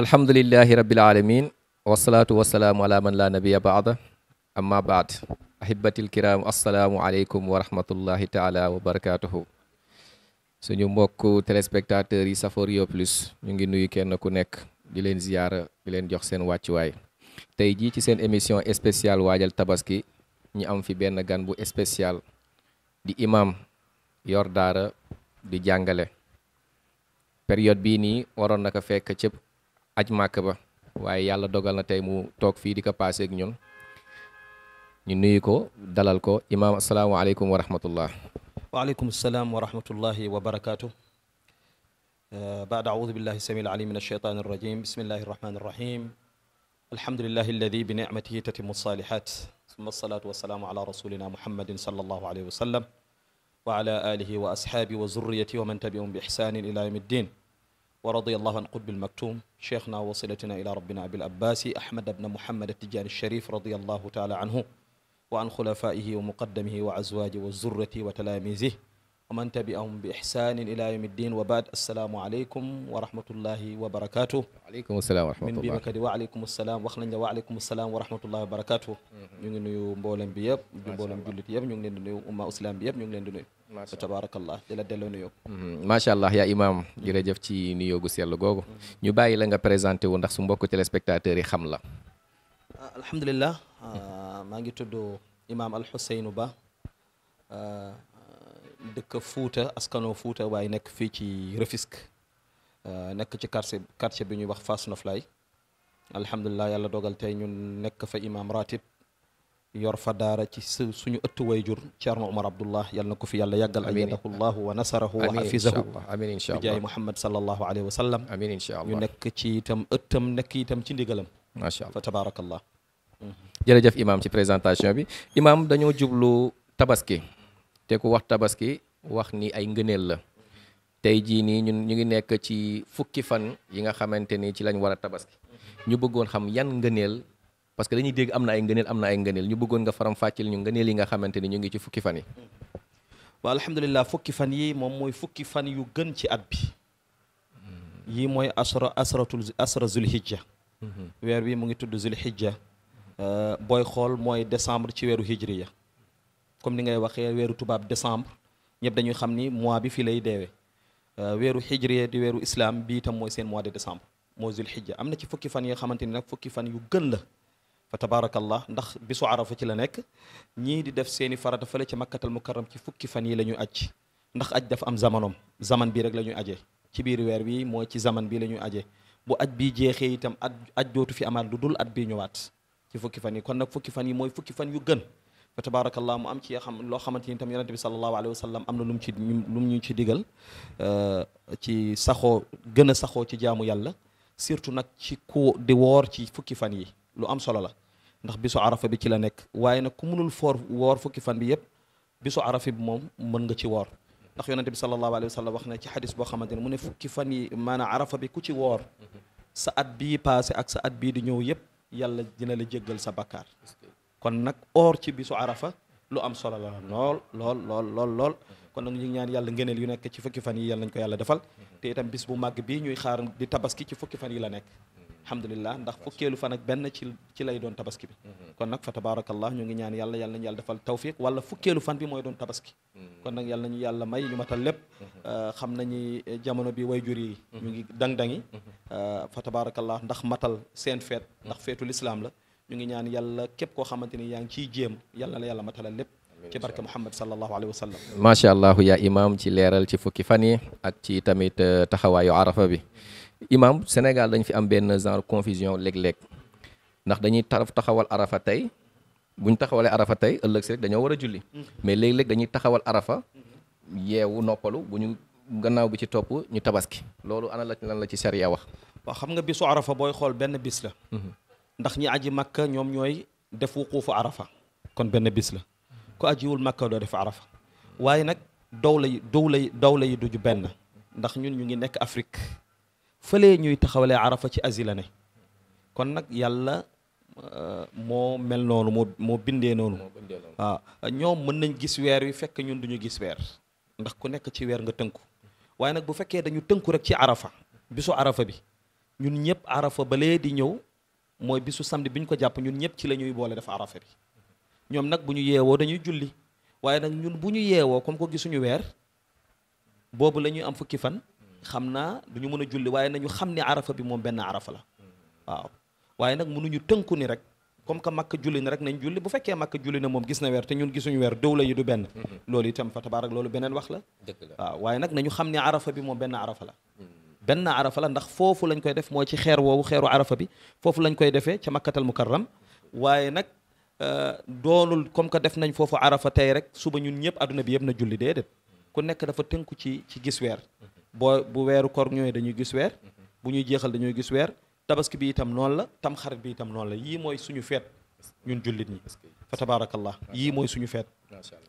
alhamdulilahi rabbil alamin wasalaatu wasalaamu ala man laa nabiya baada amma baad ahibatil kiram assalaamu aleykum wa rahmatullahi taala wa barakatuhu suñu mbokk téléspectateurs yi safo Plus ñu ngi nuyu kenn ku nekk di leen ziyaara di leen jox seen wàccuwaay tey jii ci seen émission spéciale waajal tabaski ñu am fi benn gan bu spécial di imam yor daara di jàngale période bii nii waroon naka fekk cëpp aj màkk ba waaye yàlla dogal na tey mu toog fii di ko paase ak ñun ñu nuyu ko dalal ko imaam asalaamaaleykum wa rahmatullah waaleykum salaam wa rahmatullahi wa barakaatu بعد أعوذ بالله السميع العليم من الشيطان الرجيم بسم الله الرحمن الرحيم الحمد لله الذي بنعمته تتم الصالحات ثم الصلاة والسلام على رسولنا محمد صلى الله عليه وسلم وعلى آله وأصحابه وذريته ومن تبعهم بإحسان إلى يوم الدين ورضي الله عن قطب المكتوم شيخنا وصلتنا إلى ربنا أبي العباس أحمد بن محمد التجاني الشريف رضي الله تعالى عنه وعن خلفائه ومقدمه وأزواجه وذرته وتلاميذه wa man tabiahum bi ihsanin ila yaumi ddin wa baad assalaamu aleykum wa wa barakatuh aleykum salaam wa rahmatullah min bi salaam wax nañ la wa salaam wa rahmatullahi ñu ngi nuyu mboolem bi yëpp mboolem jullit yëpp ñu ngi leen di nuyu umma islam bi yëpp leen di nuyu macha allah tabarakallah di la delloo nuyoo. macha allah yaa imaam jërëjëf ci nuyoo gu sell googu. ñu bàyyi la nga présenté wu ndax su mbokk téléspectateurs yi xam la. alhamdulilah maa ngi tudd Al Xusseynu Ba. dëkk Fuuta askanoo Fuuta waaye nekk fii ci Rufisque euh, nekk ci quartier quartier bi ñuy wax Fass Noflaye alhamdulilah yàlla dogal tey ñun nekk fa imam ratib yor fa daara ci suñu ëttu wayjur Thierno Omar Abdullah yal na ko fi yàlla yàggal ayyadahullahu wa nasarahu wa hafizahu amiin incha allah bi jaay Muhammad sallallahu alayhi wa sallam amiin incha ñu nekk ci itam ëttam nekk itam ci ndigalam macha allah fa tabaarakallah mhm. jërëjëf imam ci présentation bi imam dañoo jublu tabaski te ku wax tabaski wax ni ay ngëneel la tey jii nii ñun ñu ngi nekk ci fukki fan yi nga xamante ni ci lañ war a tabaski ñu bëggoon xam yan ngëneel parce que dañuy dégg am na ay ngëneel am na ay ngëneel ñu bëggoon nga faram fàccil ñu ngëneel yi nga xamante ni ñu ngi ci fukki fan yi waaw alhamdulilah fukki fan yi moom mooy fukki fan yu gën ci at bi yii mooy asra asratul asra zulhijja mhm. weer bi mu ngi tudd zulhijja euh, booy xool mooy décembre ci weeru hijriya comme ni ngay waxee weeru tubaab décembre ñëpp dañuy xam ni mois bi fi lay deewe euh, weeru xijriye di weeru islam bi itam mooy seen mois de décembre moo zul am na ci fukki fan yoo xamante ni nag fukki fan yu gën la fa tabaarakallah ndax bisu arafa ci la nekk ñii di def seeni farata fële ca makkatal mukarram ci fukki fan yi lañuy ñuy aj ndax aj dafa am zamanom zaman bi rek la ñuy ajee ci biir weer bi mooy ci zaman bi la ñuy ajee bu aj bi jeexee itam aj aj dootu fi amaat lu dul at bi ñëwaat ci fukki fan yi kon nag fukki fan yi mooy fukki fan yu gën fa tabarakallah mu am ci xam loo xamante ni tam yonente bi salallahu alayhi wa sallam am na lu mu ci lu mu ñu ci digal euh, ci saxoo gën a saxoo ci jaamu yàlla surtout nag ci ku di woor ci fukki fan yi lu am solo la ndax bisu arafa bi ci la nekk waaye nag ku mënul foor woor fukki fan bi yëpp bisu arafa bi moom mën nga ci woor ndax yonente bi salallahu alayhi wa sallam wax na ci xadis boo xamante ne mu ne fukki fan yi maanaam arafa bi ku ci woor mm-hmm. sa at bi passé ak sa at bii di ñëw yëpp yàlla dina la jéggal sa bakkaar kon nag or ci bisu arafa lu am solo la lool lool lool lool lool kon nag ñu ngi ñaan yàlla ngeneel yu nekk ci fukki fan yi yàlla nañ ko yàlla defal te itam bis bu màgg bi ñuy xaar di tabaski ci fukki fan yi la nekk alhamdulilah ndax fukkeelu fan ak benn ci ci lay doon tabaski bi kon nag fa tabaarakallah ñu ngi ñaan yàlla yàlla nañu yàlla defal tawfiq wala fukkeelu fan bi mooy doon tabaski kon nag yàlla nañu yàlla may ñu matal lépp euh, xam nañu jamono bi way jur yi ñu ngi dang-dangi euh, fa tabaarakallah ndax matal seen feet ndax feetu lislaam la ñu ngi ñaan yàlla képp koo xamante ni yaa ngi ciy jéem yàlla la yàlla matalal lépp ci barke Muhammad sallallahu alayhi wa sallam macha allah yaa imaam ci leeral ci fukki fan yi ak ci tamit euh, taxawaayu arafa bi imaam Sénégal dañ fi am benn genre confusion léeg-léeg ndax dañuy taraf taxawal arafa tey buñ taxawalee arafa tey ëllëg si rek dañoo war a julli mm-hmm. mais léeg-léeg dañuy taxawal arafa yeewu noppalu bu ñu gannaaw bi ci topp ñu tabaski loolu ana la la ci sariya wax xam nga bisu booy xool benn bis ndax ñi aji makka ñoom ñooy def wuquufu arafa kon benn bis la ku ajiwul makka doo def arafa waaye nag dawla yi dawla yi yi duju benn ndax ñun ñu ngi nekk Afrique fëlee ñuy taxawalee arafa ci Asie la ne kon nag yàlla euh, moo mel noonu moo moo bindee noonu ñoom mën nañ gis weer wi fekk ñun duñu gis weer ndax ku nekk ci weer nga tënku waaye nag bu fekkee dañu tënku rek ci arafa bisu arafa bi ñun ñëpp arafa ba di ñëw mooy bisu samedi bi ñu ko jàpp ñun ñëpp ci lañuy boole def arafa bi ñoom nag bu ñu yeewoo dañuy julli waaye nag ñun bu ñu yeewoo comme ko gisuñu weer boobu la am fukki fan xam naa du ñu mën a julli waaye nañu xam ni arafa bi moom benn arafa la waaw waaye nag mënuñu tënku ni rek comme que makka julli na rek nañ julli bu fekkee makka julli na moom gis na weer te ñun gisuñu weer dëw la yi du benn mm-hmm. loolu itam fa tabaarak loolu beneen wax la waaw waaye nag nañu xam ni arafa bi moom benn arafa la benn arafa la ndax foofu lañ koy def mooy ci xeer woowu xeeru arafa bi foofu lañ koy defee ca makkatal mukarram waaye nag euh, doonul comme que def nañ foofu arafa tey rek suba ñun ñëpp adduna bi yëpp na julli déedéet ku nekk dafa tënku ci ci gis weer boo bu weeru koor ñëwee dañuy gis weer bu ñuy jeexal dañuy gis weer tabaski bi itam noonu la tam xarit bi itam noonu la yii mooy suñu feet ñun jullit ñi fa tabaarakallah yii mooy suñu feet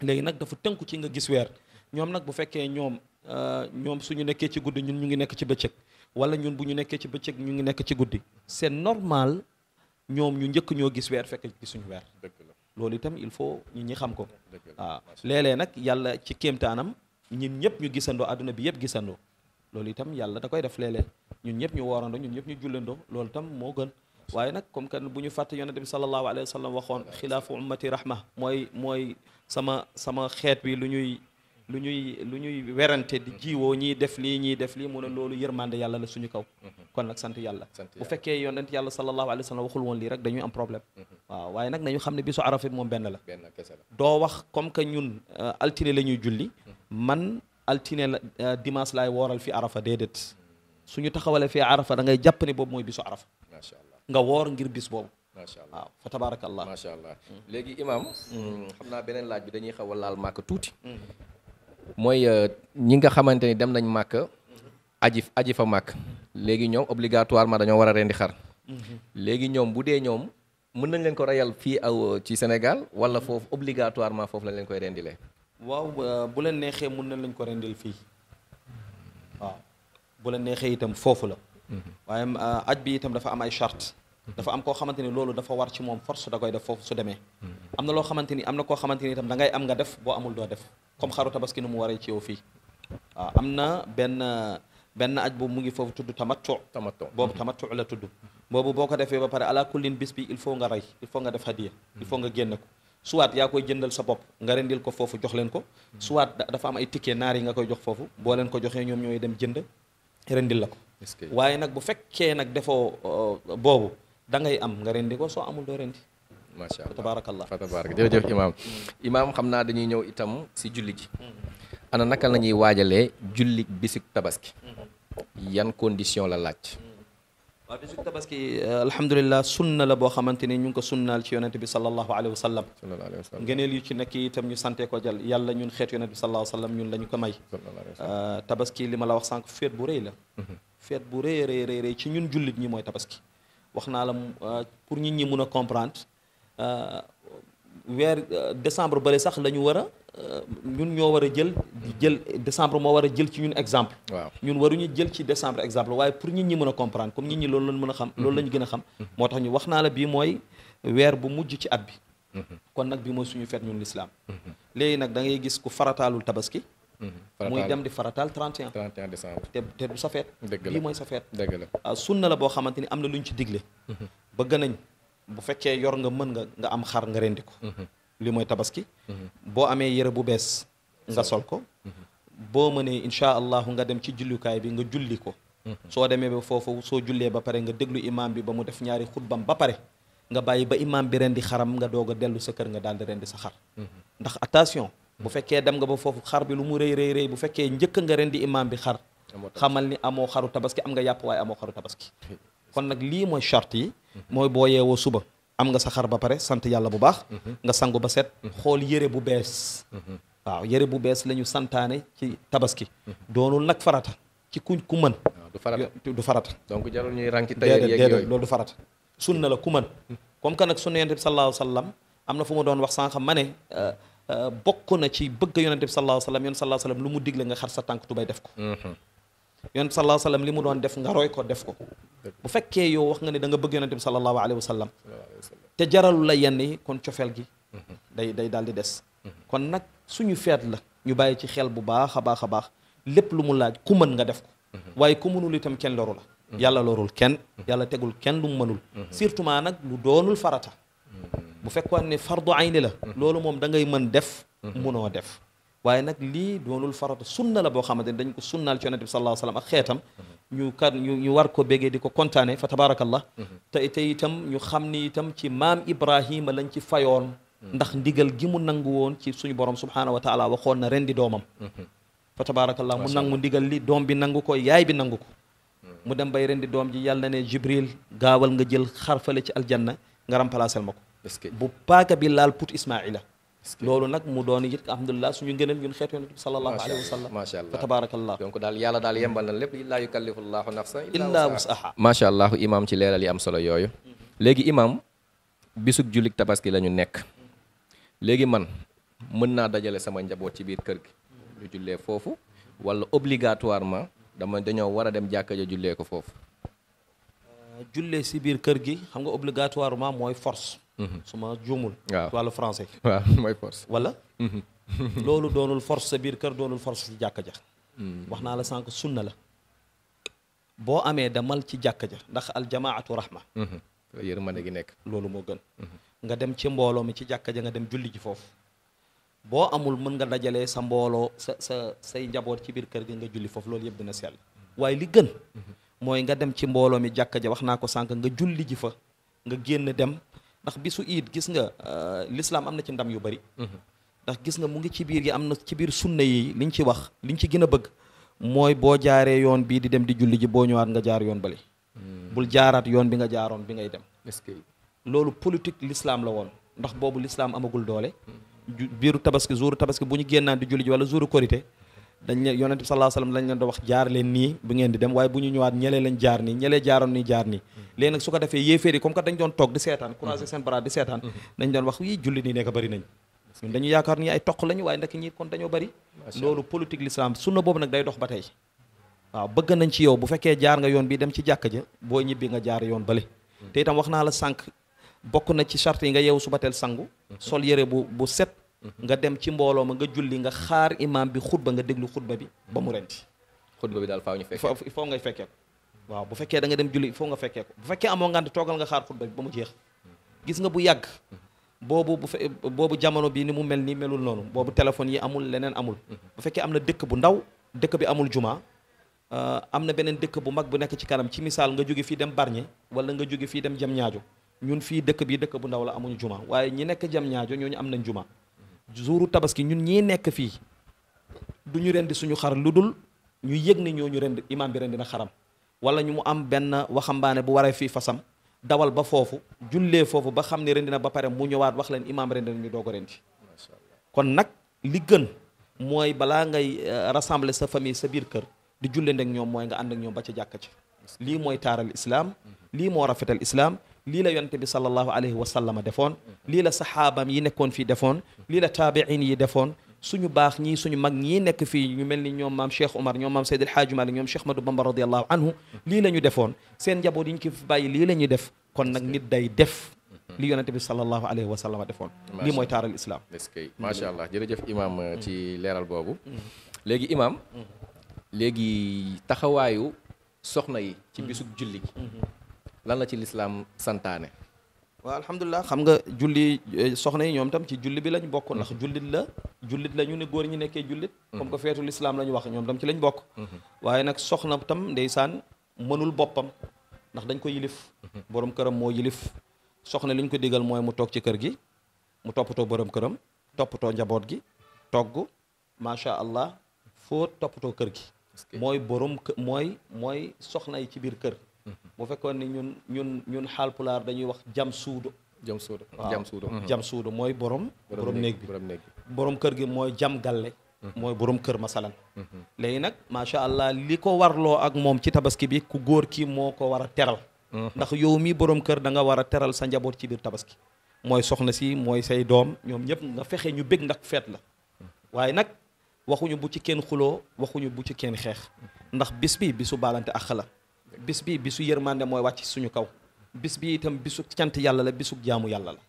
léegi nag dafa tënku ci nga gis weer ñoom nag bu fekkee ñoom Euh, ñoom suñu nekkee ci guddi ñun ñu ngi nekk ci bëccëg wala ñun bu ñu nekkee ci bëccëg ñu ngi nekk ci guddi seen normal ñoom ñu njëkk ñoo gis weer fekk suñu weer loolu itam il faut ñi ñi xam ko waaw nag yàlla ci kéemtaanam ñun ñëpp ñu gisandoo àdduna bi yëpp gisandoo loolu itam yàlla da koy def léeg-léeg ñun ñëpp ñu woorandoo ñun ñëpp ñu jullandoo loolu itam moo gën waaye nag comme que bu ñu fàtte yonent bi sallallahu alayhi wa sallam waxoon xilaafu ummati rahma mooy mooy sama sama xeet bi lu ñuy lu ñuy lu ñuy werante di jiwoo ñiy def lii ñiy def lii mu ne loolu yërmande yàlla la suñu kaw mhm. kon nag sant yàlla bu fekkee yonent yàlla sallallahu alayhi wa sallam waxul woon lii rek dañuy am problème mhm. waaw waaye nag nañu xam ne bisu arafa bi moom benn la doo wax comme que ñun euh, altine la ñuy julli mhm. man altine la euh, dimanche laay wooral fi arafa déedéet suñu taxawalee fi arafa da ngay jàpp ne boobu mooy bisu arafa macha allah nga woor ngir bis boobu macha allah waaw fa tabaarakallah macha allah mm. léegi imaam mm. Mm, xam naa beneen laaj bi dañuy xaw a laal màkk tuuti mooy euh, ñi nga xamante ni dem nañ màkk aji aji fa màkk léegi ñoom obligatoirement dañoo war a rendi xar mhm. léegi ñoom bu dee ñoom mën nañ leen ko reyal fii aw euh, ci Sénégal wala foofu obligatoirement foofu lañ leen koy waaw euh, bu la neexee mën nañ leen ko rendil fii waaw bu la neexee itam foofu la mhm. waaye aj bi itam dafa am ay chart mhm. dafa am koo xamante loolu dafa war ci moom force da koy def foofu su demee am na loo xamante ni am na koo xamante ni itam da ngay am nga def boo amul doo def comme xaru tabaski nu mu waree ci yow fii waaw ah, am na benn benn aj boobu mu ngi foofu tudd tamattu tamattu boobu mm-hmm. tamattu la tudd boobu boo ko defee ba pare ala kullin bis bi il faut nga rey il faut nga def hadiya il faut nga génne ko soit yaa koy jëndal sa bopp nga rendil ko foofu jox leen ko mm-hmm. soit dafa am ay ticket naar yi nga koy jox foofu boo leen ko joxee ñoom ñooy dem jënd rendil la ko waaye nag bu fekkee nag defoo euh, boobu da ngay am nga rendi ko soo amul doo rendi macha allah tabaarakallah fa tabaaraka jërëjëf imaam imaam xam naa dañuy ñëw itam si julli ji ana naka la ñuy waajalee julli bisik tabaski yan condition la laaj waaw bisik tabaski eh, alhamdulilah sunna la boo xamante ni ñu ngi ko sunnaal ci yonente bi salallahu alayhi wa sallam ngeneel yu ci nekk itam ñu sante ko jal yàlla ñun xeet yonente bi salallahu alayhi wa sallam ñun la ñu ko may eh, tabaski li ma la wax sànq feet bu rëy la mhm. feet bu rëy rëy rëy ci ñun jullit ñi mooy tabaski wax naa la eh, Euh, weer euh, décembre bële sax la ñu war a euh, ñun ñoo war a jël di jël décembre moo war a jël ci ñun exemple. waaw ñun waruñu jël ci décembre exemple waaye pour nit ñi mën a comprendre comme nit ñi loolu lañ mën a xam. loolu lañu gën a xam. Mhm. moo tax ñu wax naa la bii mooy weer bu mujj ci at bi. Mhm. kon nag bi mooy suñu fet ñun lislaam mhm. léegi nag da ngay gis ku farataalul tabaski. muy dem di farataal 31. 31 décembre te te du sa feet. dëgg la mooy sa feet. dëgg la ah, sunna la boo xamante ni am na luñ ci digle. bëgg nañ. bu fekkee yor nga mën nga nga am xar nga rendi ko mhm. lii mooy tabaski mhm. boo amee yére bu bees nga sol ko mhm. boo mënee incha allahu nga dem ci jullukaay bi nga julli ko soo demee ba foofu soo jullee ba pare nga déglu imaam bi ba mu def ñaari xutbam ba pare nga bàyyi ba imaam bi rendi xaram nga doog a dellu sa kër nga daal di rendi sa xar ndax attention bu fekkee dem nga ba foofu xar bi lu mu rëy rëy rëy bu fekkee njëkk nga rendi imaam bi xar xamal ni amoo xaru tabaski am nga yàpp waaye amoo xaru tabaski kon nag lii mooy charte yi mooy boo yeewoo suba am nga sa xar ba pare sant yàlla bu baax nga sangu ba set xool yére bu bees waaw yére bu bees la ñu santaane ci tabaski doonul nag farata ci kuñ ku mën du farata du farata donc jarul ñuy rang ci tailleur yeeg yooyu loolu du farata sunna la ku mën comme que nag sunna yonente bi sallallahu alayhi wasallam am na fu mu doon wax sànq ma ne euh, euh, bokk na ci bëgg yonente bi sallallahu alayhi wasallam yonente sallallahu alayhi wasallam lu mu digle nga xar sa tànk tubay def ko mhm. yonent sallallahu alayhi wa sallam li mu doon def nga roy ko def ko bu fekkee yow wax nga ne da nga bëgg yonent bi sallallahu alayhi wa sallam te jaralu la yenn yi kon cofeel gi day day daal di des kon nag suñu feet la ñu bàyyi ci xel bu baax a baax a baax lépp lu mu laaj ku mën nga def ko waaye ku mënul itam kenn loru la yàlla lorul kenn yàlla tegul kenn lu mu mënul surtout nag lu doonul farata bu fekkoon ne fardu ayni la loolu moom da ngay mën def mënoo def waaye nag lii doonul farata sunna la boo xamante ni dañ ko sunnaal ci yonente bi sallallahu alayhi wasallam ak xeetam mhm. ñu kat ñu war ko bégee di ko kontaane fa tabarakallah mhm. te te itam ñu xam ni itam ci maam Ibrahima lañ ci fayoon mhm. ndax ndigal gi mu nangu woon ci suñu borom subhanahu wa taala waxoon na ren di doomam fa tabarakallah mu nangu ndigal li doom bi nangu ko yaay bi nangu ko mu dem bay rendi doom ji yàlla ne jibril gaawal nga jël xarfale ci aljanna nga remplacer ma ko bu paaka bi laal put ismaila loolu nag mu doon it alhamdulilah suñu ngëneel ñun xeetu yonent bi sallallahu alayhi wa sallam macha allah fa tabarakallah donc daal yàlla daal yembal na lépp laa yukallifu llaahu nafsan illaa allah imaam ci leeral yi am solo yooyu léegi imaam bisub jullit tabaski lañu nekk léegi man mën naa dajale sama njaboot ci biir kër gi ñu jullee foofu walla obligatoirement dama dañoo war a dem jàkka ja jullee ko foofu euh, jullee si biir kër gi xam nga obligatoirement mooy force Mhm. su ma juumul. waaw wàllu français. waaw mooy force. wala. Mhm. loolu doonul force sa biir kër doonul force ci jàkk ja. Mhm. wax naa la sànq sunna la. boo amee demal ci jàkka ja ndax aljamaatu rahma. yërmande gi nekk. loolu moo gën. nga dem ci mbooloo mi ci jàkk ja nga dem julli ji foofu. boo amul mën nga dajalee sa mbooloo sa sa say njaboot ci biir kër gi nga julli foofu loolu yëpp dina sell waaye li gën mooy nga dem ci mbooloo mi jàkk ja wax naa ko sànq nga julli ji fa nga génn dem ndax bisu iid gis nga euh, lislaam am na ci ndam yu bari mhm. ndax gis nga mu ngi ci biir yi am na ci biir sunna yi ñu ci wax li ñu ci gën a bëgg mooy boo jaaree yoon bii di dem di julli ji boo ñëwaat nga jaar yoon bale hmm. bul jaaraat yoon bi nga jaaroon bi ngay dem loolu politique lislaam la woon ndax boobu lislaam amagul doole hmm. biiru tabaski jouru tabaski bu ñu génnaan di julli ji wala jouru korité dañ leen yonent bi sallallahu alayhi wasallam lañ leen wax jaar leen nii bu ngeen di dem waaye bu ñu ñëwaat ñelee lañ jaar nii ñelee jaaroon nii jaar nii hmm. léegi nag su ko defee yéeféer yi comme que dañ doon toog di seetaan hmm. croiser seen bras di seetaan hmm. dañ doon wax yi julli nii nekk bëri nañ ñun dañu yaakaar ni ay toq lañu waaye ndekk ñi kon dañoo bëri loolu politique l'islam sunna boobu nag day dox ba tey waaw bëgg nañ ci yow bu fekkee jaar nga yoon bi dem ci jàkka ja boo ñibbi nga jaar yoon bale te itam wax naa la sànq bokk na ci charte yi nga yeewu suba teel sangu sol yére bu bu set nga dem ci mbooloo ma nga julli nga xaar imaam bi xutba nga déglu xutba bi ba mu renti xutba bi daal faaw ñu fekkee foo ngay fekkee ko waaw bu fekkee da dem julli foo nga fekkee ko bu fekkee amoo ngànt nga xaar xutba bi jeex gis nga bu yàgg boobu bu fe boobu jamono bi ni mu mel nii melul noonu boobu téléphone yi amul leneen amul bu fekkee am na dëkk bu ndaw dëkk bi amul jumaa euh, am na beneen dëkk bu mag bu nekk ci kanam ci misaal nga jóge fii dem Bargny wala nga jóge fii dem ñaajo ñun fii dëkk bi dëkk bu ndaw la amuñu juma waaye ñi nekk Diamniadio ñooñu am nañ juma jouru tabaski ñun ñii nekk fii du ñu rendi suñu xar lu dul ñu yëg ne ñoo ñu rendi imaam bi rendi na xaram wala ñu mu am benn waxambaane bu waree fii fasam dawal ba foofu jullee foofu ba xam ne rendi na ba pare mu ñëwaat wax leen imaam rendi na ñu doog a rendi kon nag li gën mooy balaa ngay euh, rassembler sa famille sa biir kër di jullee ndek ñoom mooy nga ànd ak ñoom ba ca jàkk ci lii mooy taaral islaam lii moo rafetal islaam lii la yonte bi sallallahu alayhi wa sallam defoon lii la saxaabam yi nekkoon fii defoon lii la taabiin yi defoon suñu baax ñii suñu mag ñii nekk fii ñu mel ni ñoom maam Cheikh Omar ñoom maam Seydi El Hadji ñoom Cheikh Ahmadou Bamba radiallahu anhu lii la defoon seen njaboot yi ñu ko fi bàyyi lii la ñuy def kon nag nit day def li yonente bi sallallahu alayhi wa sallam defoon lii mooy taaral islam macha allah jërëjëf imam mm-hmm. ci leeral boobu mm-hmm. léegi imam mm-hmm. léegi taxawaayu soxna yi ci julli lan la ci lislaam santaane waaw alhamdulilah xam nga julli eh, soxna yi ñoom tam ci julli bi lañ bokk ndax mhm. jullit la jullit la ñu ne góor ñi nekkee jullit mhm. comme que feetu lislaam la ñu wax ñoom tam ci lañ bokk mhm. waaye nag soxna tam ndeysaan mënul boppam ndax dañ ko yilif borom këram moo yilif soxna li ko digal mooy mu toog ci kër gi mu toppatoo boroom këram toppatoo njaboot gi togg macha allah foo toppatoo kër gi mooy borom mooy mooy soxna yi ci biir kër Mm-hmm. bu fekkoon ni ñun ñun ñun xaalpulaar dañuy wax jam suudo jam suudo jam suudo mm-hmm. jam suudo mooy borom borom néeg bi borom néeg kër gi mooy jam galle mm-hmm. mooy borom kër masalan léegi nag macha allah li ko warloo ak moom ci tabaski bi ku góor ki moo ko war a teral ndax yow mii borom kër da nga war a teral sa njaboot ci biir tabaski mooy soxna si mooy say doom ñoom ñëpp nga fexe ñu bég ndax feet la waaye nag waxuñu bu ci kenn xuloo waxuñu bu ci kenn xeex ndax bis bi bisu balante àq la bis bi bisu yërmande mooy wàcc suñu kaw bis bi itam bisu cant yàlla la bisu jaamu yàlla la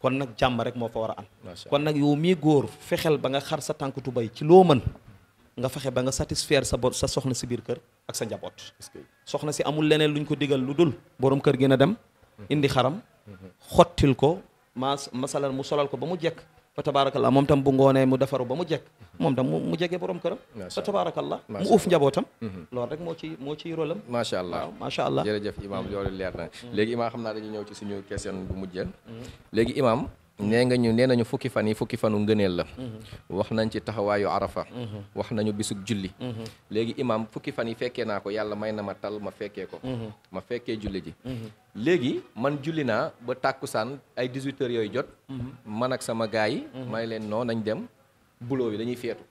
kon nag jàmm rek moo fa war a am kon nag yow mii góor fexeel ba nga xar sa tànk tubay ci loo mën nga fexe ba nga satisfaire sa bor sa soxna si biir kër ak sa njaboot soxna si amul leneen luñ ko digal lu dul boroom kër gi na dem indi xaram xottil ko ma masalal mu solal ko ba mu jekk fa tabaarakallah moom tam bu ngoonee mu defaru ba mu jekk moom tam mu jege borom këram fa tabaarakallah mu uuf njabootam mhm. loolu rek moo ci moo ciy rôlam macha allah waaw macha imam loolu leer na mhm. imam xam naa dañuy ñëw ci suñu question bu mujjeen mhm. léegi imam nee nga ñu nee nañu fukki fan yi fukki fanu ngëneel la mhm. wax nañ ci taxawaayu arafa mhm. wax nañu bisug julli mhm. léegi imaam fukki fan yi fekkee naa ko yàlla may na ma tal ma fekkee ko ma fekkee julli ji léegi man julli naa ba tàkkusaan ay 18 heures yooyu jot man ak sama gars yi may leen noo nañ dem buloo bi dañuy feetu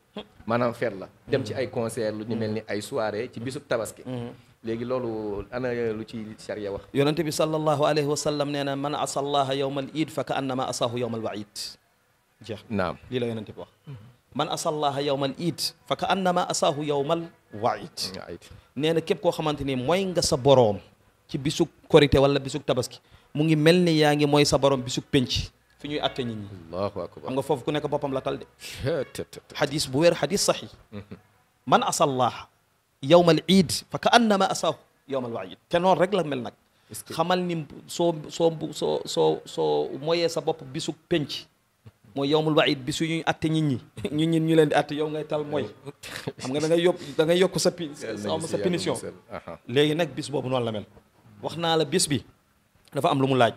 maanaam feet la dem ci ay concert lu ñu mel ni ay soirée ci bisub tabaski léegi loolu ana lu ci sariya wax yonente bi sallallahu alayhi wa sallam nee na man asa allaha yowma al iid fa ka annama asaahu yowma al waid jeex naam lii la yonente bi wax man asa allaha yowma al iid fa ka annama asaahu yowma al waid nee na képp koo xamante ni mooy nga sa boroom ci bisug korité wala bisug tabaski mu ngi mel ni yaa ngi mooy sa boroom bisug penc fi ñuy atte nit ñi allahu akbar xam nga foofu ku nekk boppam la tal de xadis bu wér xadis saxi man asa allaha yawmal iid fa ka annama asaw yawmal waid te noonu rek la mel nag xamal ni soo soo soo soo soo mooyee sa bopp bisu penc mooy yowmul waid bisu ñuy atte nit ñi ñu ñin ñu leen di atte yow ngay tal mooy xam nga da ngay da ngay yokk sa sa punition léegi nag bis boobu noonu la mel wax naa la bis bi dafa am lu mu laaj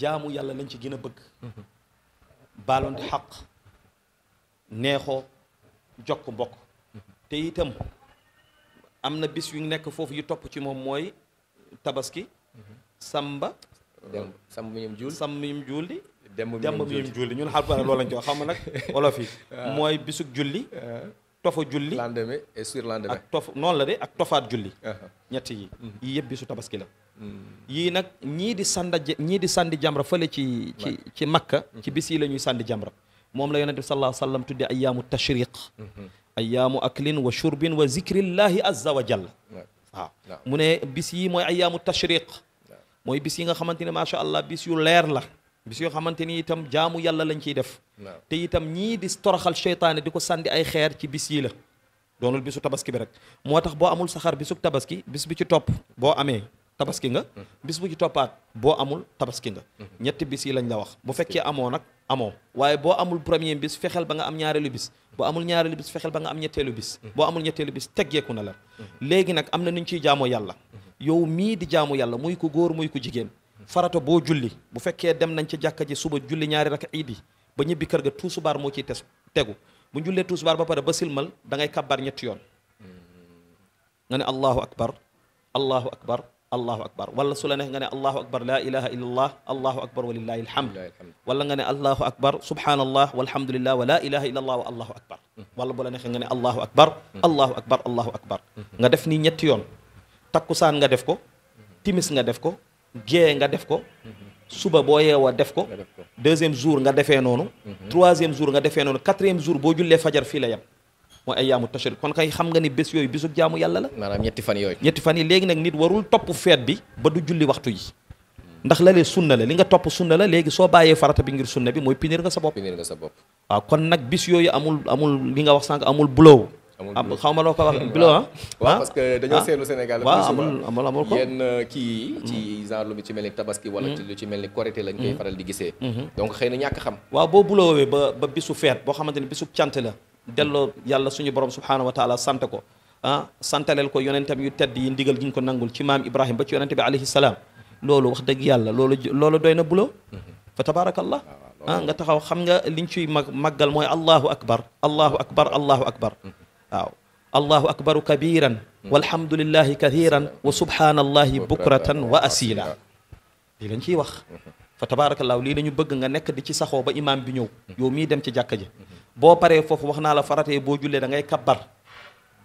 jaamu yàlla lañ ci gën a bëgg baaloon di xaq neexoo jokk mbokk te itam am na bis yu nekk foofu yi topp ci moom mooy tabaski samba dem sàmm yum juul sàmm yum julli dem yum julli ñun xalpara loolu lañ ko xam nag wolof yi ah. mooy bisug julli ah. tofa julli lendemain et surlendemain ak tof ak tofaat julli ah. ñett yi mm. yii yëpp bisu tabaski la mm. yii nag ñii di sànda ñii di sàndi jamra fële ci ci ci makka ci bis yi la ñuy sàndi jamra moom la yonent bi sallallahu alayhi wa sallam tudde ayaamu tashriq ayaamu aklin wa shurbin wa zikrillahi azza wa jalla waaw mu ne bis yi mooy ayaamu tashriq mooy bis yi nga xamante ne macha allah bis yu leer la bis yoo xamante ni itam jaamu yàlla lañ ciy def te itam ñii di toroxal seytaane di ko sandi ay xeer ci bis yi la doonul bisu tabaski bi rek moo tax boo amul saxaar bisu tabaski bis bi ci topp boo amee tabaski nga mm-hmm. bis bu ci toppaat boo amul tabaski nga mm-hmm. ñetti bis yi lañ la wax bu fekkee amoo nag amoo waaye boo amul premier bis fexeel ba nga am ñaareelu bis boo amul ñaareelu bis fexeel ba nga am ñetteelu bis mm-hmm. boo amul ñetteelu bis teggeeku na la léegi nag am na nu ñu ciy jaamoo yàlla yow mii di jaamu yàlla muy ko góor muy ko jigéen farata boo julli bu fekkee dem nañ ci jàkka ji suba julli ñaari raka iid yi ba ñibbi kër ga tuusubaar moo ciy tes tegu bu jullee tuusubaar ba pare ba silmal dangay ngay kabbar ñetti yoon nga ne allahu akbar allahu akbar allahu akbar wala su la neex nga ne allahu akbar laa ilaha illa allah akbar walillahi alhamd wala nga ne allahu akbar subhanallah walhamdulillah wa laa ilaha illa allah wa allahu akbar wala bu la neexee nga ne allahu akbar allahu akbar allahu akbar nga def nii ñetti yoon takkusaan nga def ko timis nga def ko gée nga def ko suba boo yeewoo def ko deuxième jour nga defee noonu mhm. troisième jour nga defee noonu quatrième jour bo jullee fajar fii la yem mooy ayyaamu tashriq kon kay xam nga ni bés yooyu bésu jaamu yàlla la. maanaam ñetti fan yooyu. ñetti fan yi léegi nag nit warul topp feet bi ba du julli waxtu yi ndax lalee sunna la li nga topp sunna la léegi soo bàyyee farata bi ngir sunna bi mooy pinir nga sa bopp. pinir nga waaw kon nag bis yooyu amul amul li nga wax sànq amul buloo. amul xaw ma loo ko wax bulo ah. waaw ah? parce que dañoo seetlu Sénégal. Ah? waaw amul amul amul ko yenn euh, kii mm. ci genre ci mel ni tabaski. wala mm. ci lu ci mel ni korité lañ koy mm. faral di gisee. Mm-hmm. donc xëy na ñàkk xam. waa boo bulowee ba ba bisu feet boo xamante ne bisu cant la. delloo yàlla suñu borom subhaanahu wa taala sant ko santa ah, santaleel ko yonentam yu tedd yi ndigal gi ñu ko nangul ci maam Ibrahima ba ci yonente bi alayhi salaam loolu wax dëgg yàlla loolu loolu doy na bulo fa tabaarakallah ah nga taxaw xam nga liñ ciy mag màggal mooy allahu akbar allahu akbar allahu akbar waaw allahu akbaru kabiran walhamdulillahi kathiran wa subhanallahi bukratan wa asila lii lañ ciy wax fa tabaarakallah lii la bëgg nga nekk di ci saxoo ba imaam bi ñëw yow dem ci jàkka ji boo paree foofu wax naa la faratee boo jullee da ngay kabbar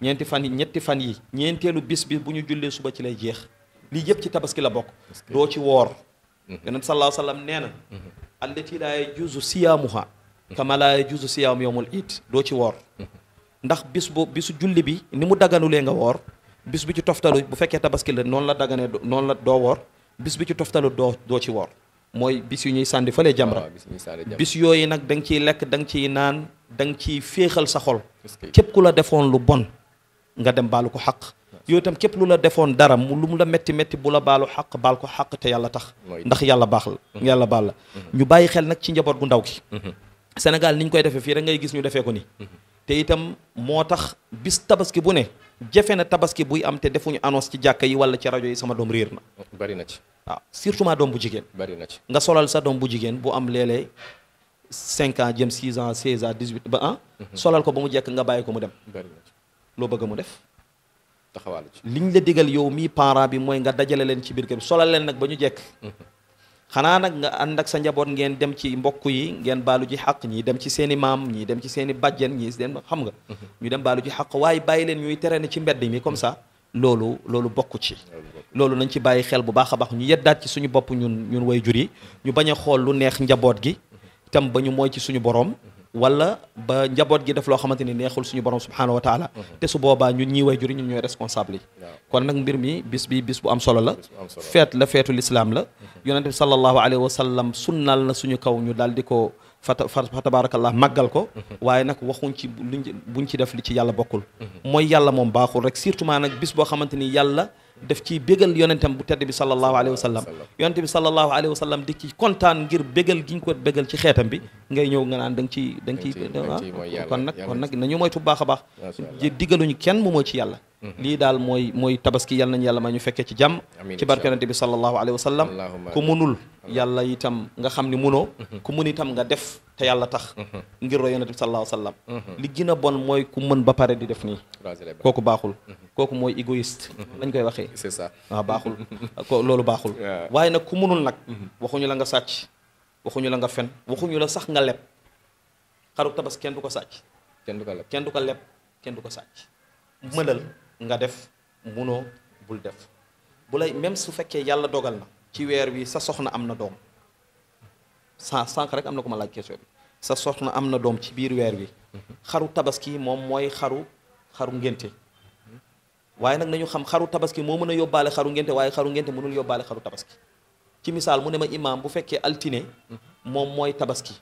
ñeenti fan yi ñetti fan yi ñeenteelu bis bi bu ñu jullee suba ci lay jeex lii yëpp ci tabaski la bokk doo ci woor mhm. yonent sallallahu alayhi nee na mhm. allati laa yajuuzu siyaamuha kama laa yajuuzu siyaamu yawmul iid doo ci woor mhm. ndax bis bu bisu julli bi ni mu daganulee nga woor bis bi ci toftalu bu fekkee tabaski la noonu la daganee noonu la doo woor bis bi ci toftalu doo doo ci woor mooy bis yu ñuy sànni fële jamra bis yooyu nag da ciy lekk da nga ciy naan da nga ciy féexal sa xol képp ku la defoon lu bon nga dem baalu ko xaq yow itam képp lu la defoon dara mu lu mu la métti métti bu la baalu xaq baal ko xaq te yàlla tax ndax yàlla baax la mhm. yàlla baal mhm. ñu bàyyi xel nag ci njaboot gu ndaw gi mhm. Sénégal ni ñu koy defee fii rek ngay gis ñu defee ko ni te itam moo tax bis tabaski bu ne jafe na tabaski buy am te defuñu annonce ci jàkka yi wala ci rajo yi sama doom réer na bari na ci waaw surtout ma doom bu jigéen bari na ci nga solal sa doom bu jigéen bu am léeg cinq ans jëm six ans seize ans dix huit ba ah. Mhm. solal ko ba mu jekk nga bàyyi ko mu dem. loo bëgg mu def. taxawaale ci liñ la digal yow mii parent bi mooy nga dajale leen ci biir kër solal leen nag ba ñu jekk. Mhm. xanaa nag nga ànd ak sa njaboot ngeen dem ci mbokk yi ngeen baalu ji xaq ñii dem ci seen i maam ñii dem ci seen i bàjjen ñii dem xam nga. Mhm. ñu dem baalu ji xaq waaye bàyyi leen ñuy tere ne ci mbedd mi comme sax loolu loolu bokk ci loolu nañ ci bàyyi xel bu baax a baax ñu yeddaat ci suñu bopp ñun ñun way jur yi ñu bañ xool lu neex njaboot gi tam ba ñu mooy ci suñu borom wala ba njaboot gi def loo xamante ni neexul suñu borom subhaanahu wa taala mhm. te su boobaa ñun ñii way juri ñun ñooy responsable yi kon nag mbir mi bis bi bis bu am solo la feet la feetu lislaam la mhm. yonente bi sallallahu na suñu kaw ñu daal di ko fata fa tabaarakallah màggal ko mhm. waaye nag waxuñ ci luñ buñ ci def li ci yàlla bokkul mooy yàlla moom baaxul rek surtout nag bis boo xamante yàlla daf ciy bégal yonentam bu tedd bi sallallahu alayhi wa sallam yonente bi sallallahu alayhi wa sallam di ci kontaan ngir bégal gi ko bégal ci xeetam bi ngay ñëw nga naan da nga ciy da nga ciy ah, kon nag kon nag nañu moytu baax a baax digaluñu kenn mu mooy ci yàlla Mhm. lii daal mooy mooy tabaski yal nañu yàlla may ñu fekkee ci jàmm ci barke Yonent bi sallallahu alayhi wa sallam ku munul yàlla itam nga xam ni munoo mhm. ku mën itam nga def te yàlla tax mhm. ngir roy Yonent bi sallallahu alayhi wa sallam li gën a bon mooy ku mën ba pare di def nii kooku baaxul kooku mooy égoïste lañ koy waxee c'est ça waaw ah, baaxul ko baaxul waaye nag ku munul nag waxuñu la nga sàcc waxuñu la nga fen waxuñu la sax nga leb xaru tabaski kenn du ko sàcc kenn kenn du ko leb kenn du ko sàcc nga def munoo bul def bu lay même su fekkee yàlla dogal na ci weer wi sa soxna am na doom sa sànq rek am na ko ma laaj question bi sa soxna am na doom ci biir weer wi xaru tabaski moom mooy xaru xaru ngénte waaye nag nañu xam xaru tabaski moo mën a yóbbaale xaru ngénte waaye xaru ngénte mënul yóbbaale xaru tabaski ci misaal mu ne ma imaam bu fekkee altine moom mooy tabaski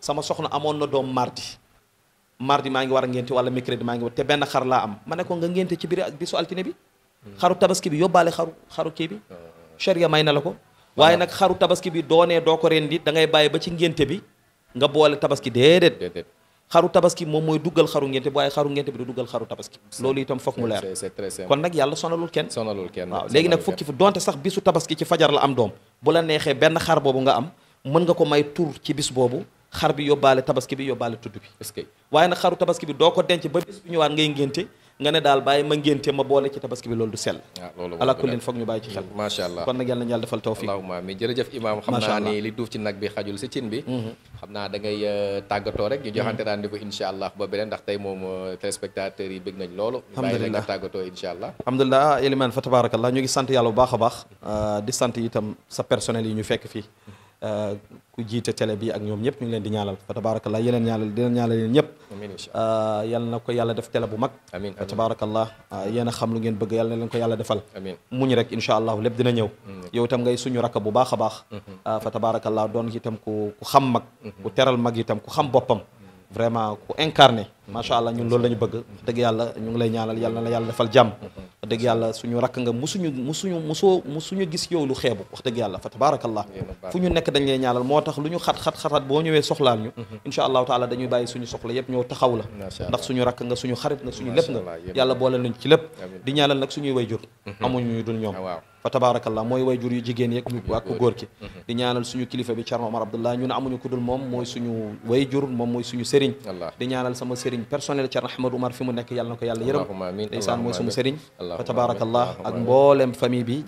sama soxna amoon na doom mardi mardi maa ngi war a ngénte wala mercredi maa ngi war te benn xar laa am ma ne ko nga ngénte ci biir bisu altine bi hmm. xaru tabaski bi yóbbaale xaru xaru kii bi hmm. sharia may na la ko waaye nag xaru tabaski bi doonee doo ko rendi da ngay bàyyi ba ci ngénte bi nga boole tabaski déedéet xaru tabaski moom mooy duggal xaru ngénte bi waaye xaru ngénte bi du duggal xaru tabaski loolu itam foog mu leer kon nag yàlla sonalul kenn sonalul kenn waaw léegi nag fukki fu donte sax bisu tabaski ci fajar la am doom bu la neexee benn xar boobu nga am mën nga ko may tur ci bis boobu xar bi yóbbaale tabaski bi yóbbaale tudd bi est-ce que waaye nag xaru tabaski bi doo ko denc ba bis boole ci tabaski bi loolu du sell ah, ala kullin foog ñu bàyyi ci xel macha allah xam naa ni duuf ci nag bi xajul si cin bi mhm. xam naa da ngay euh, tàggatoo rek ñu mhm. joxante rendez-vous incha allah ba beneen ndax tey moom euh, téléspectateurs yi bëgg nañ loolu bàyyi rek nga tàggatoo incha allah alhamdulilah Eliman fa tabarakallah ñu ngi sant yàlla bu baax a baax ah, di sant itam sa personnel yi ñu fekk fii ku jiite tele bi ak ñoom ñëpp ñu leen di ñaanal fa tabarakallah yeleen ñaanal dina leen ñaanal yéen ñëpp yal ah, na ko yàlla def tele bu mag fa tabarakallah ah, yéen a xam lu ngeen bëgg yàlla na leen ko yàlla defal muñ rek insha allah lépp dina ñëw mm, yow itam ngay suñu rakk bu baax a baax mm-hmm. ah, fa tabarakallah doon itam ku ku xam mag mm-hmm. ku teral mag itam ku xam boppam vraiment ku incarné macha allah ñun loolu lañu ñu bëgg dëgg yàlla ñu ngi lay ñaanal yàlla na yàlla defal jàmm wax dëgg yàlla suñu rakk nga mu su musoo musuñu gis yow lu xeebu wax dëgg yàlla fa tabaarakallah fu ñu nekk dañ lay ñaanal moo tax lu ñu xat xat xataat boo ñëwee soxlaal ñu mhm. insha allahu taala dañuy bàyyi suñu soxla yëpp ñëw taxaw la ndax suñu rakk nga suñu xarit nga suñu lépp nga yàlla boole nañ ci lépp di ñaanal nag suñuy way jur mhm. amuñu dul ñoom ah, fa tabarakallah mooy way jur yu jigéen yeeg ñu ak góor mhm. di ñaanal suñu kilifa bi Thierno Omar Abdallah ñun amuñu ku moom mooy suñu way moom mooy suñu sëriñ di ñaanal sama sëriñ personnel Thierno Ahmad Oumar fi mu nekk yàlla ko yàlla yërëm ndeysaan mooy suñu sëriñ fa tabarakallah ak mboolem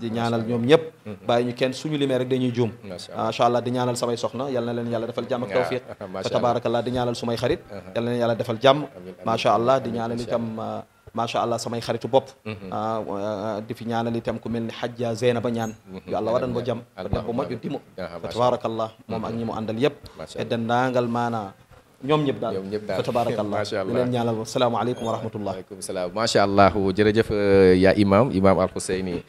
di ñaanal ñoom ñëpp mhm. bàyyi ñu kenn suñu limee rek dañuy juum macha allah di ñaanal samay soxna yàlla na leen yàlla defal jàmm ak tawfiq fa tabarakallah di ñaanal sumay xarit uh-huh. yàlla na leen yàlla defal jàmm macha allah di ñaanal itam macha allah samay xaritu bopp mhm. ah, di fi ñaanal itam ku mel ni xajja zeyna ba ñaan yo allah waɗan mo jaam ko debbo moƴƴo dimo fa tabarakallah moom ak ñi mu mhm. àndal yépp e denndaangal maana ñoom ñëpp daal ñoom ñëpp daal tabaarakallah macha allah di leen ñaanal salaamaaleykum wa rahmatullah waaleykum salaam macha allah jërëjëf euh, yaa imaam imaam al Xuseyni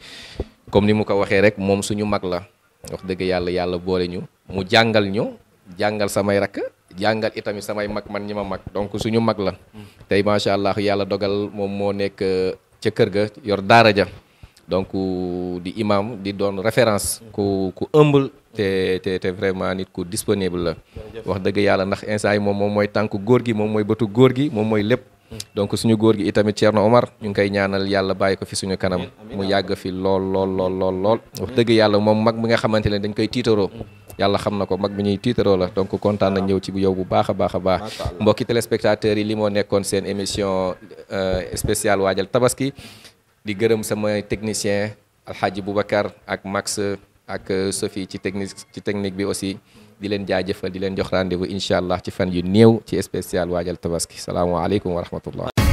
comme ni mu ko waxee rek moom suñu mag la wax dëgg yàlla yàlla boole ñu mu jàngal ñu jàngal samay rakk jàngal itamit samay mag man ñi ma mag donc suñu mag la tey macha allah yàlla dogal moom moo nekk euh, ca kër ga yor daara ja donc euh, di imam di doon référence ku ku ëmbul te te te vraiment nit ku disponible la wax dëgg yàlla ndax instant yi moom moom mooy tànk góor gi moom mooy bëtu góor gi moom mooy lépp donc suñu góor gi itamit na Omar ñu ngi koy ñaanal yàlla bàyyi ko fi suñu kanam mu yàgg fi lool lool lool lool wax dëgg yàlla moom mag mi nga xamante ne dañ koy tiitaroo yàlla xam na ko mag bi ñuy tiitaroo la donc kontaan na ñëw ci bu yow bu baax a baax a baax mbokki téléspectateurs yi li moo nekkoon seen émission euh, spéciale waajal tabaski di gërëm sama technicien alxaaji Boubacar ak Max ak euh, Sophie ci technique ci technique bi aussi di leen jaajëfal di leen jox rendez-vous incha allah ci fan yu néew ci spécial waajal tabaski salaamualeykum wa rahmatullah